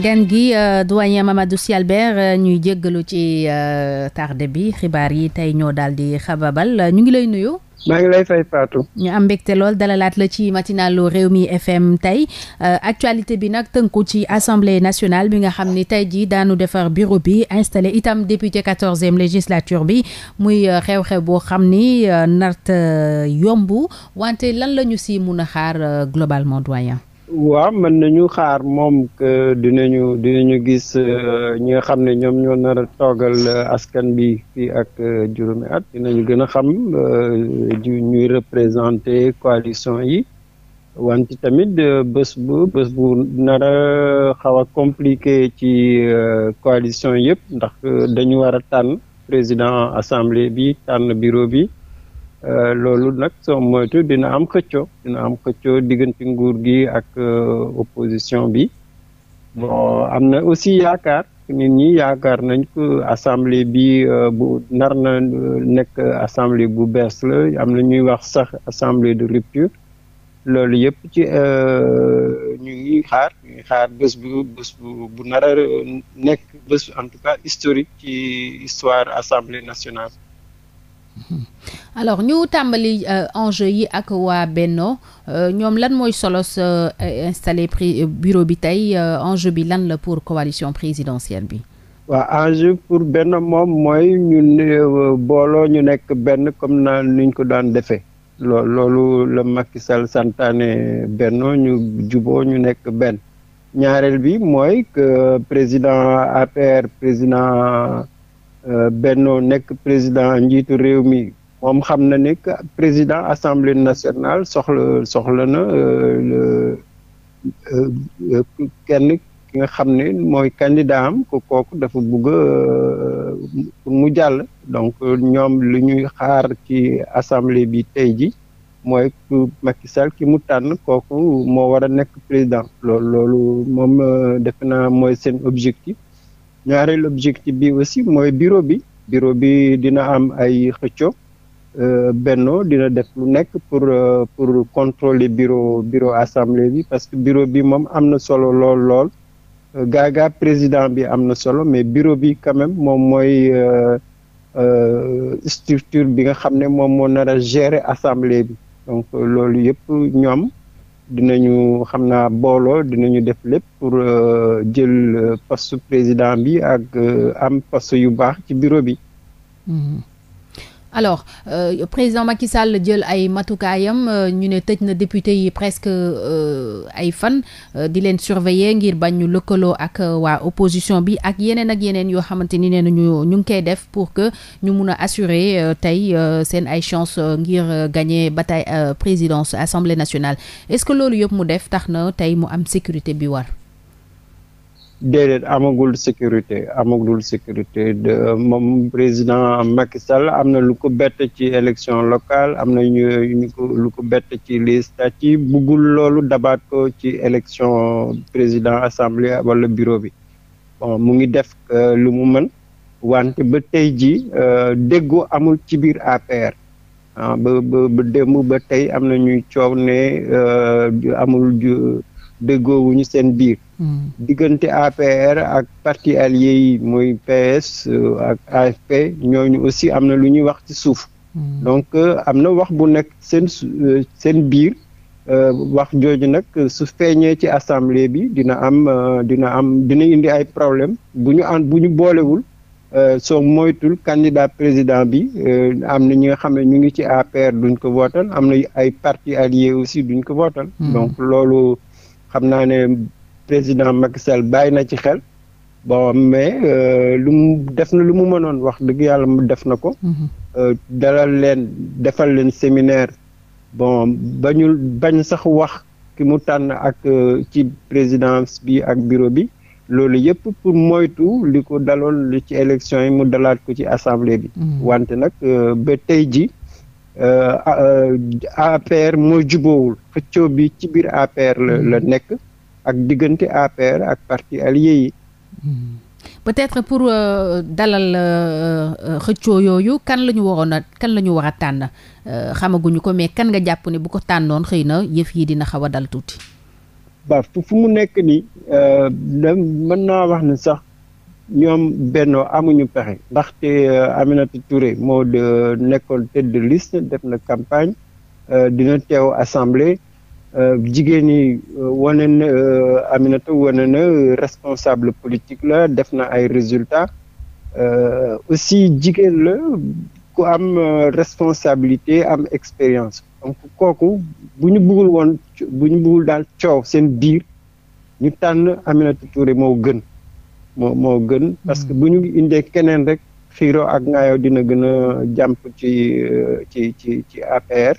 gan gi euh, doyen Mamadou Sy Albert euh, ñuy jéggalu ci euh, tarde bi xibaar yi tey ñoo daal di xababal ñu ngi lay nuyu. maa ngi lay fay Fatou. ñu am mbégte lool dalalaat la ci matinalu Rewmi FM tey actualité bi nag tënku ci assemblée nationale bi nga xam ni tey jii daanu defar bureau bi installé itam député quatorzième législature bi muy xew-xew boo xam ni nart yomb wante lan lañu si mun a xaar globalement doyen. waaw mën nañu xaar moom que dinañu dinañu gis euh, ñi nga xam ne ñoom ñoo nar a toogal euh, askan bi fii ak euh, juróomi at dinañu gën a xam ñuy représenter coalition yi wanti tamit bés bu bés bu nar a xaw a compliqué ci coalition yëpp ndax dañu war a tànn président assemblée bi tànn bureau bi Euh, loolu nag soo moytu dina am xëcco dina am xëcco diggante nguur gi ak euh, opposition bi bon am na aussi yaakaar nit ñi yaakaar nañ ko assemblée bi euh, bu nar na nekk assemblée bu bees la am na ñuy wax sax assemblée de rupture loolu yëpp ci ñu ngi xaar ñu ngi xaar bés bu bés bu nar nekk bés en tout cas historique ci histoire assemblée nationale. Mm-hmm. alors ñu tàmbali euh, enjeu yi ak waa Benno euh, ñoom lan mooy solos euh, installé prix bureau bi tey enjeu bi lan la pour coalition présidentielle bi waa enjeu pour Benno moom mooy ñu ñun booloo ñu nekk benn comme na nuñ ko daan defee loo loolu la Macky Sall santaane Benno ñu juboo ñu nekk benn ñaareel bi mooy que président APR président Benno nekk président njiitu réew mi moom xam na ne président assemblée nationale soxla soxla na euh, le euh, euh, kenn ki nga xam ne mooy candidat am ko kooku dafa bëgg pour mu jàll donc ñoom lu ñuy xaar ci assemblée bi tey ji mooy Macky Sall ki mu tànn kooku moo war a nekk président loolu loolu moom defe naa mooy seen objectif ñaareel objectif bi aussi mooy bureau bi bureau bi dina am ay xëcco Euh, Benno dina def lu nekk pour euh, pour contrôler bureau bureau assemblée bi parce que bureau bi moom am na solo lool lool euh, gaagaa président bi am na solo mais bureau bi quand moom mooy structure bi nga xam ne moom moo nar a gérer assemblée bi donc loolu yëpp ñoom dinañu xam naa booloo ñu def lépp pour jël post président bi ak am poste yu baax ci bureau bi. Mm-hmm. alors euh, président Macky Sall jël ay matukaayam euh, ñu ne tëj na député yi presque euh, ay fan euh, di leen surveiller ngir bañ ñu lëkkaloo ak waa opposition bi ak yeneen ak yeneen yoo xamante ni nee nañu ñu ngi koy def pour que ñu mun a assurer tey seen ay chance ngir gagner bataille présidence assemblée nationale est-ce que loolu yëpp mu def tax na tey mu am sécurité bi war. déedéet amagul sécurité amagul sécurité de euh, moom président Macky Sall am na lu ko bet ci élection locale am na ñu ñu ko lu ko bett ci législative buggul loolu dabaat ko ci élection président assemblée wala bureau bi bon mu ngi def euh, lu mu mën wante ba tey ji euh, déggo amul ci biir APR ah, ba ba ba ba tey am na ñuy coow ne amul déggoowuñu seen biir hmm. diggante APR ak parti allié yi mooy PS ak AFP ñooñu aussi am na lu ñuy wax ci suuf hmm. donc euh, am na wax bu nekk seen euh, seen biir euh, wax jooju nag su feeñee ci assemblée bi dina am dina am dina indi ay problèmes bu ñu an bu ñu boolewul soo moytul candidat président bi am na ñi nga xam ne ñu ngi ci APR duñ ko wootal am na ay parti allié aussi duñ ko wootal hmm. donc loolu xam naa ne président Macky Sall bàyyi na ci xel bon mais euh, lu mu def na lu mu mënoon wax dëgg yàlla mu def na ko. Mm-hmm. Euh, dalal leen defal leen séminaire bon bañul bañ sax wax ki mu tànn ak euh, ci présidence bi ak bureau bi. loolu yëpp pour moytu li ko daloon ci élection yi mu dalaat ko ci assemblée bi. Mm-hmm. wante nag ba tey ji Euh, euh, APR moo juboowul xëccoo bi ci biir APR la la hmm. nekk ak diggante APR ak parti allié yi hmm. peut-être pour euh, dalal xëccoo yooyu kan lañu ñu a kan la ñu war a tànn xamaguñu ko mais kan nga jàpp ne bu ko tànnoon xëy na yëf yi dina xaw a dal tuuti. ba fu mu nekk nii mën naa wax ne sax. ñoom bennoo amuñu pexe ndaxte euh, Aminata Touré moo de nekkoon tête de liste def na campagne euh, dina teew assemblée euh, jigéen ñi wane na Aminata wane na responsable politique la def na ay résultats aussi jigéen la ku am responsabilité am expérience donc kooku bu ñu bëggul woon bu ñu daal coow seen biir ñu tànn Aminata Touré moo gën moo moo gën hmm. parce que bu ñu indee keneen rek xiiroo ak ngaayoo dina gën a jàmp ci euh, ci ci ci APR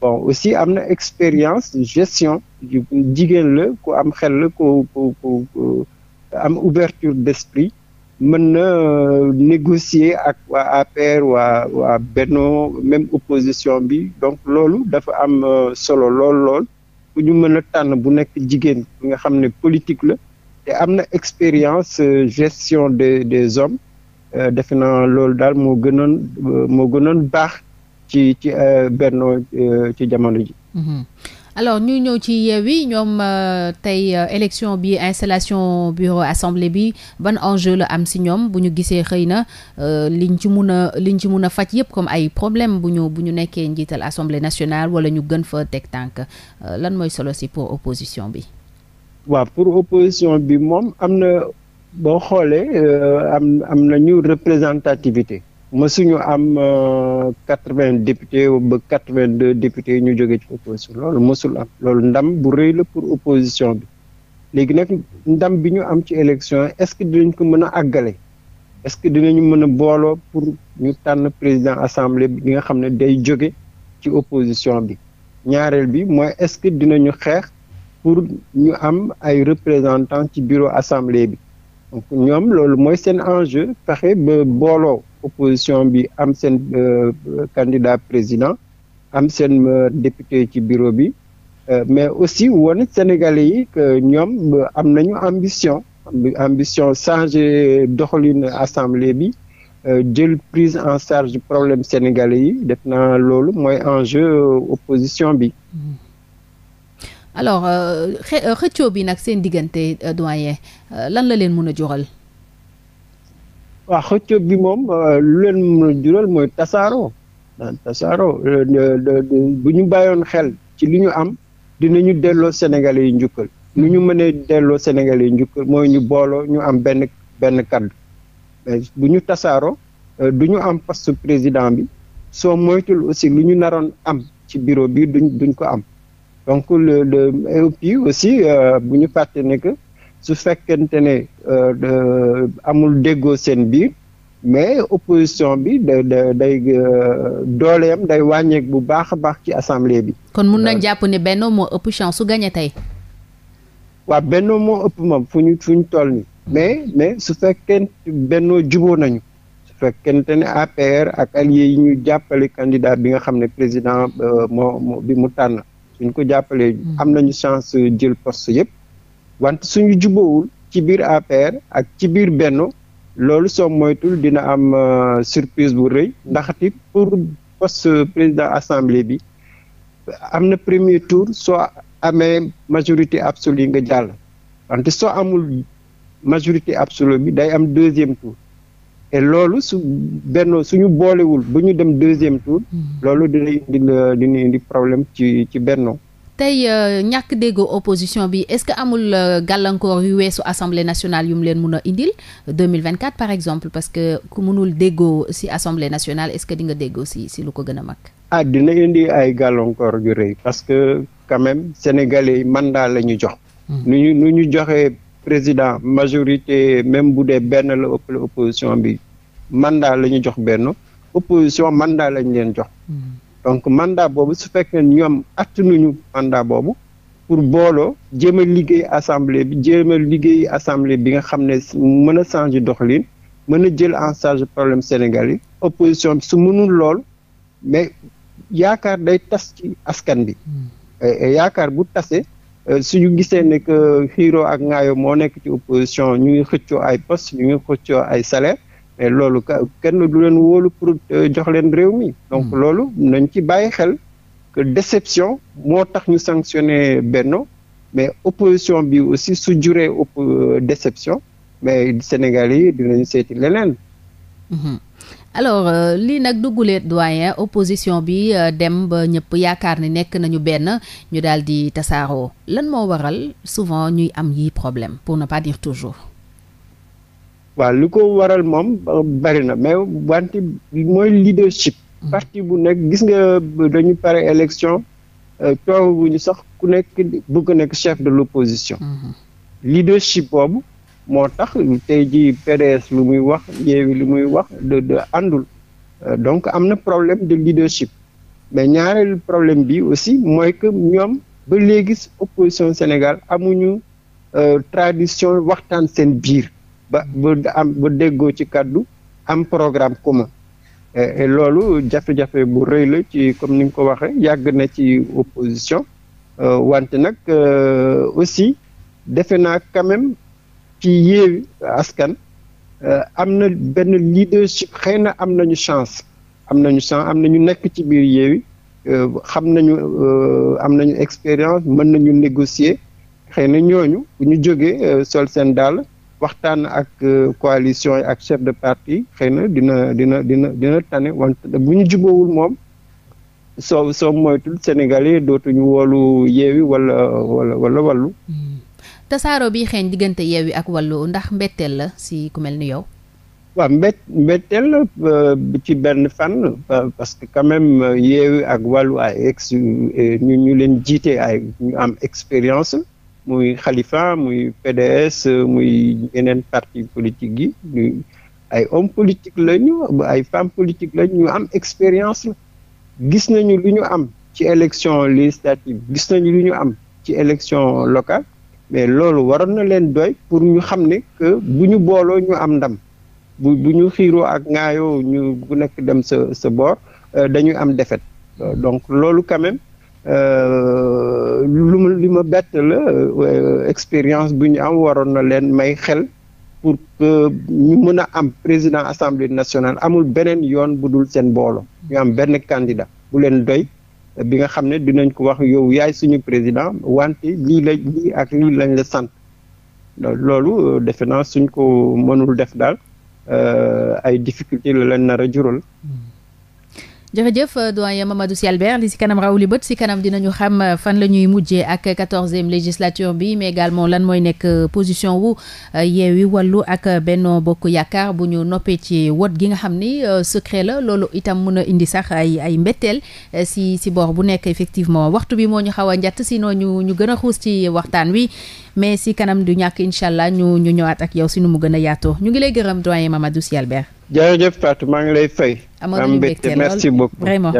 bon aussi am na expérience gestion jigéen la ku am xel la ku ku ku am ouverture d'esprit mën na euh, négocier ak waa APR waa waa même opposition bi donc loolu dafa am euh, solo lool lool ku ñu mën a tànn bu nekk jigéen bi nga xam ne politique la te am na expérience euh, gestion des des hommes euh, defe na loolu daal moo gënoon euh, moo gënoon baax ci ci Benno ci jamono ji. Mhm. alors ñuy ñëw ci Yewwi ñoom tey élection bi installation bureau assemblée bi ban enjeu la am si ñoom bu ñu gisee xëy na liñ ci mun a liñ ci mun a faj yëpp comme ay problème bu ñu bu ñu nekkee njiital assemblée nationale wala ñu gën fa teg tànk lan mooy solo si pour opposition bi. waaw pour opposition bi moom am na boo xoolee euh, am am nañu représentativité mësuñu am euh, quatre-vingts députés ba quatre-vingt-deux députés ñu jógee ci opposition loolu mosul am loolu ndam bu rëy la pour opposition bi léegi nag ndam bi ñu am ci élection est-ce que dinañ ko mën a àggale est-ce que dinañu mën a booloo pour ñu tànn président assemblée bi nga xam ne day jóge ci opposition bi ñaareel bi mooy est-ce que dinañu xeex pour ñu am ay représentants ci bureau assemblée bi ñoom loolu mooy seen enjeu fexe ba booloo opposition bi am seen euh, candidat président am seen euh, député ci bureau bi euh, mais aussi woon Sénégalais yi que ñoom am nañu ambition ambition changer doxalin assemblée bi jël prise en charge problème sénégalais yi def naa loolu mooy enjeu opposition bi. Mm-hmm. alors euh, euh, xëccoo bi nag seen diggante euh, doyen lan la leen mën a jural. waaw xëccoo bi moom lu leen mën a jural mooy tasaaroo tasaaroo bu ñu bàyyoon xel ci lu ñu am dinañu delloo Sénégalais yi njukkal nu ñu mënee delloo Sénégalais yi njukkal mooy ñu booloo ñu am benn benn kàddu mais bu ñu tasaaroo du ñu am poste président bi soo moytul aussi lu ñu naroon am ci bureau bi duñ duñ ko am. donc le le et aussi euh, bu ñu fàtte ne que su fekkente ne euh, amul déggoo seen biir mais opposition bi da da day euh, dooleem day wàññeek bu baax a baax ci assemblée bi. kon mun nañ jàpp ne Benno moo ëpp chance su gagné tey. waaw Benno moo ëpp moom fu ñu fu ñu toll nii. mais mais su fekkente Benno juboo nañu. su fekkente ne APR ak alliés yi ñu jàppale candidat bi nga xam ne président moo bi mu tànn. suñ ko jàppale mm-hmm. am nañu chance jël poste yëpp wante suñu jubóowul ci biir APR ak ci biir Benno loolu soo moytul dina am euh, surprise bu rëy ndaxte pour poste président assemblée bi am na premier tour soo amee majorité absolue nga jàll wante soo amul majorité absolue bi day am deuxième tour et loolu su benn suñu boolewul bu ñu dem deuxième tour hmm. loolu dina indi dina indi problème ci ci Benno tey euh, ñàkk déggoo opposition bi est-ce que amul euh, gàllankoor yu weesu assemblée nationale yu mu leen mun a indil 2024 par exemple parce que ku mënul déggoo ci assemblée nationale est-ce que di nga déggoo ci lu ko gën a mag. ah dina indi ay gàllankoor yu rëy parce que quand même sénégalais yi mandat la ñu jox. Hmm. nu ñu nu ñu joxee président majorité même bu dee benn la ëppale opposition bi mandat la ñu jox benn opposition mandat lañ leen jox mm-hmm. donc mandat boobu su fekkee ñoom nañu mandat boobu pour booloo jéem a liggéey assemblée bi jéem a liggéey assemblée bi nga xam ne mën a changer doxalin mën a jël en charge problème Sénégal yi opposition su mënul lool mais yaakaar day tas ci askan bi mm-hmm. yaakaar bu tase Euh, suñu gisee ne que xiiroo ak ngaayo moo nekk ci opposition ñu ngi xëccoo ay poste ñu ngi xëccoo ay salaire mais loolu kenn du leen woolu pour euh, jox leen réew mi donc hmm. loolu nañ ci bàyyi xel que déception moo tax ñu sanctionné Benno mais opposition bi aussi su juree euh, déception mais Sénégal yi dinañ seeti leneen hmm. alors euh, lii nag duggulee doyen opposition bi euh, dem ba ñëpp yaakaar ni nekk nañu benn ñu daal di tasaaroo lan moo waral souvent ñuy am yi problème pour ne pas dire toujours. waaw lu ko waral moom bari na mais wante mooy leadership. Mm. parti bu nekk gis nga dañu pare élection coow euh, bu ñu sax ku nekk bëgg nekk chef de l'opposition. Mm-hmm. leadership boobu. moo tax tey jii PDS lu muy wax Yewwi lu muy wax de de àndul euh, donc am na problème de leadership mais ñaareelu problème bi aussi mooy que ñoom ba léegi opposition Sénégal amuñu euh, tradition waxtaan seen biir ba ba am ba déggoo ci kàddu am programme commun loolu jafe-jafe bu rëy la ci comme ni nga ko waxee yàgg na ci opposition euh, wante nag aussi defe naa quand ci yéew Askan euh, am na benn leadership xëy na am nañu chance am nañu chance am nañu nekk ci biir Yewwi euh, xam nañu euh, am nañu expérience mën nañu négocier xëy na ñooñu bu ñu jógee sol seen dàll waxtaan ak coalition yi ak chef de parti xëy na dina dina dina dina tane wante bu ñu jubóowul moom soo soo moytul Sénégalais dootuñu woolu Yewwi walla wala wala hmm. tasaaroo bi xeeñ diggante yi ak Wallu ndax mbetteel la si ku mel ni yow. waaw mbett mbetteel la euh, ci benn fan euh, parce que quand même euh, Yewwi ak Wallu ay ex ñu ñu leen jiite ay ñu am expérience muy xalifa muy PDS muy yeneen parti politique yi ñu ay homme politique la ay femme politique la ñu am expérience la gis nañu lu ñu am ci élection législative gis nañu lu ñu am ci élection locale mais loolu waroon na leen doy pour ñu xam ne que bu ñu booloo ñu am ndam bu ñu xiiroo ak ŋaayoo ñu bu nekk dem sa sa boor euh, dañuy am défaite donc loolu quand même euh, lu li ma bett la euh, expérience bu ñu am waroon na leen may xel pour que ñu mën a am président assemblée nationale amul beneen yoon bu dul seen boolo ñu am benn candidat bu leen doy bi nga xam ne dinañ ko wax yow yaay suñu président wante lii la lii ak lii lañ la sant loolu euh, defe naa suñ ko mënul def daal euh, ay difficulté la leen nar a jural hmm. jërëjëf euh, doyen Mamadou Sy Albert li si kanam raw li bët si kanam dinañu xam euh, fan la ñuy mujjee ak quatorzième législature bi mais également lan mooy nekk euh, position wu Yewwi Wallu ak Benno Bokk Yaakaar bu ñu noppee ci wot gi nga xam ni secret la loolu itam mën a indi sax ay ay mbetteel si si boor bu nekk effectivement waxtu bi moo ñu xaw a si sinon ñu ñu gën a xuus ci waxtaan wi mais si kanam du ñàkk incha allah ñu ñu ñëwaat ak yow si nu mu gën a yaatoo ñu ngi lay gërëm doyen Mamadou Sy jërëjëf Fatou maa ngi lay fay. am mbégte merci beaucoup vraiment.